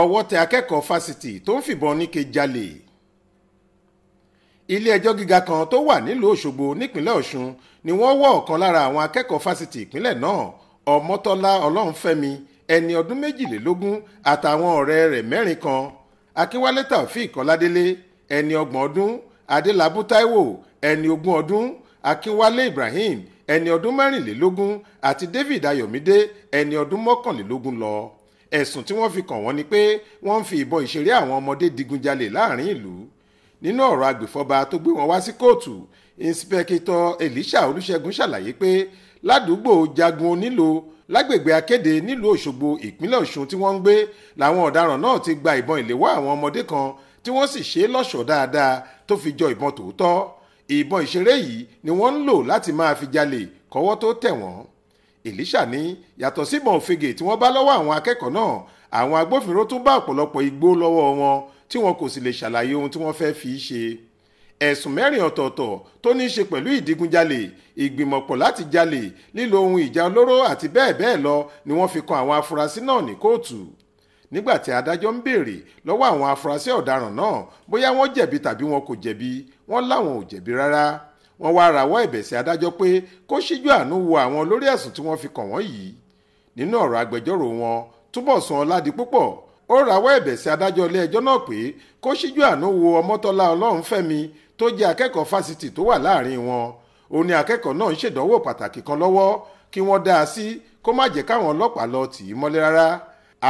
ọwọ́ tẹ akẹ́kọ̀ọ́ fásitì tó ń fìbọn níke jalè ilé-ẹjọ́ gíga kan tó wà nílùú Òṣogbo nípínlẹ̀ Ọ̀ṣun ni wọ́n wọ́ ọ̀kan lára àwọn akẹ́kọ̀ọ́ fásitì ìpínlẹ̀ náà Ọmọ́tọ́lá Ọlọ́runfẹ́mi ẹni ọdún méjìlélógún àtàwọn ọ̀rẹ́ rẹ̀ mẹ́rin kan Akínwálé Taofik Ọládélé ẹni ọgbọ̀n ọdún Adélábù Táíwò ẹni ogún ọdún Akínwálé Ibrahim ẹni ọdún mẹ́rìnlélógún àti David Ayọ̀mídé ẹni ọdún mọ́kànlélógún lọ ẹ̀sùn tí wọ́n fi kàn wọ́n ni pé wọ́n ń fi ìbọn ìṣeré àwọn ọmọdé digunjalè láàrin ìlú nínú ọ̀rọ̀ agbèfọ́ba tó gbé wọn wá sí kóòtù ìǹsìpẹ̀kìtọ̀ Elisha Olúṣẹ́gun ṣàlàyé pé ládùúgbò jagun onílò lágbègbè akéde nílùú Òṣogbo ìpínlẹ̀ Ọ̀ṣun tí wọ́n ń gbé làwọn ọ̀daràn náà ti gba ìbọn ìléwọ́ àwọn ọmọdé kan tí wọ́n sì ṣe lọ́ṣọ̀ọ́ dáadáa tó fi jọ ìbọn tòótọ́ ìbọn ìṣeré yìí ni wọ́n ń lò láti máa fi jalè kọ́wọ́ tó tẹ̀ wọ́n Elisha ní yàtọ̀ síbọn òfegè tí wọ́n bá lọ́wọ́ àwọn akẹ́kọ̀ọ́ náà àwọn agbófinró tún bá ọ̀pọ̀lọpọ̀ igbó lọ́wọ́ wọn tí wọn kò sì lè ṣàlàyé ohun tí wọ́n fẹ́ fi ṣe ẹ̀sùn mẹ́rin ọ̀tọ̀ọ̀tọ̀ tó ní í ṣe pẹ̀lú ìdígunjalè ìgbìmọ̀pọ̀ láti jalè lílo ohun ìjà olóró àti bẹ́ẹ̀ bẹ́ẹ̀ lọ ni wọ́n fi kan àwọn afurasí náà ní kóòtù nígbà tí adájọ́ ń béèrè lọ́wọ́ àwọn afurasí ọ̀daràn náà bóyá wọ́n jẹ̀bi tàbí wọn kò jẹ̀bi wọ́n láwọn ò jẹ̀bi rárá wọ́n wá rawọ́ ẹ̀bẹ̀ sí adájọ́ pé kó ṣíjú àánú wo àwọn lórí ẹ̀sùn tí wọ́n fi kàn wọ́n yìí nínú ọ̀rọ̀ agbẹjọ́rò wọn Túbọ̀sún Ọládipúpọ̀ ó rawọ́ ẹ̀bẹ̀ sí adájọ́ ilé ẹjọ́ náà pé kó ṣíjú àánú wo Ọmọ́tọ́lá Ọlọ́runfẹ́mi tó jẹ́ akẹ́kọ̀ọ́ fásitì tó wà láàrin wọn ó ní akẹ́kọ̀ọ́ náà ń ṣèdánwò pàtàkì kan lọ́wọ́ kí wọ́n dá a sí kó má jẹ́ káwọn ọlọ́pàá lọ tì í mọ́lé rárá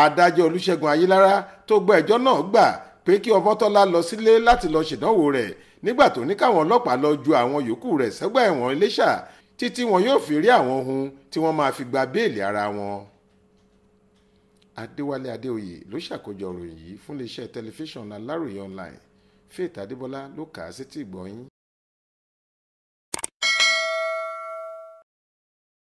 adájọ́ Olúṣẹ́gun Ayélára tó gbọ́ ẹjọ́ náà gbà pé kí Ọmọ́tọ́lá lọ sílé láti lọ ṣèdánwò rẹ̀ nígbà tó ní káwọn ọlọ́pàá lọ ju àwọn yòókù rẹ̀ sẹ́gbà ẹ̀wọ̀n Iléṣà títí wọn yóò fi rí àwọn ohun tí wọ́n máa fi gba béèlì ara wọn. Adéwálé Adéoyè ló ṣàkójọ ìròyìn yìí fún iléeṣẹ́ tẹlifíṣàn Aláròye online Faith Adébọlá ló kà á sétí ìgbọ́ yín.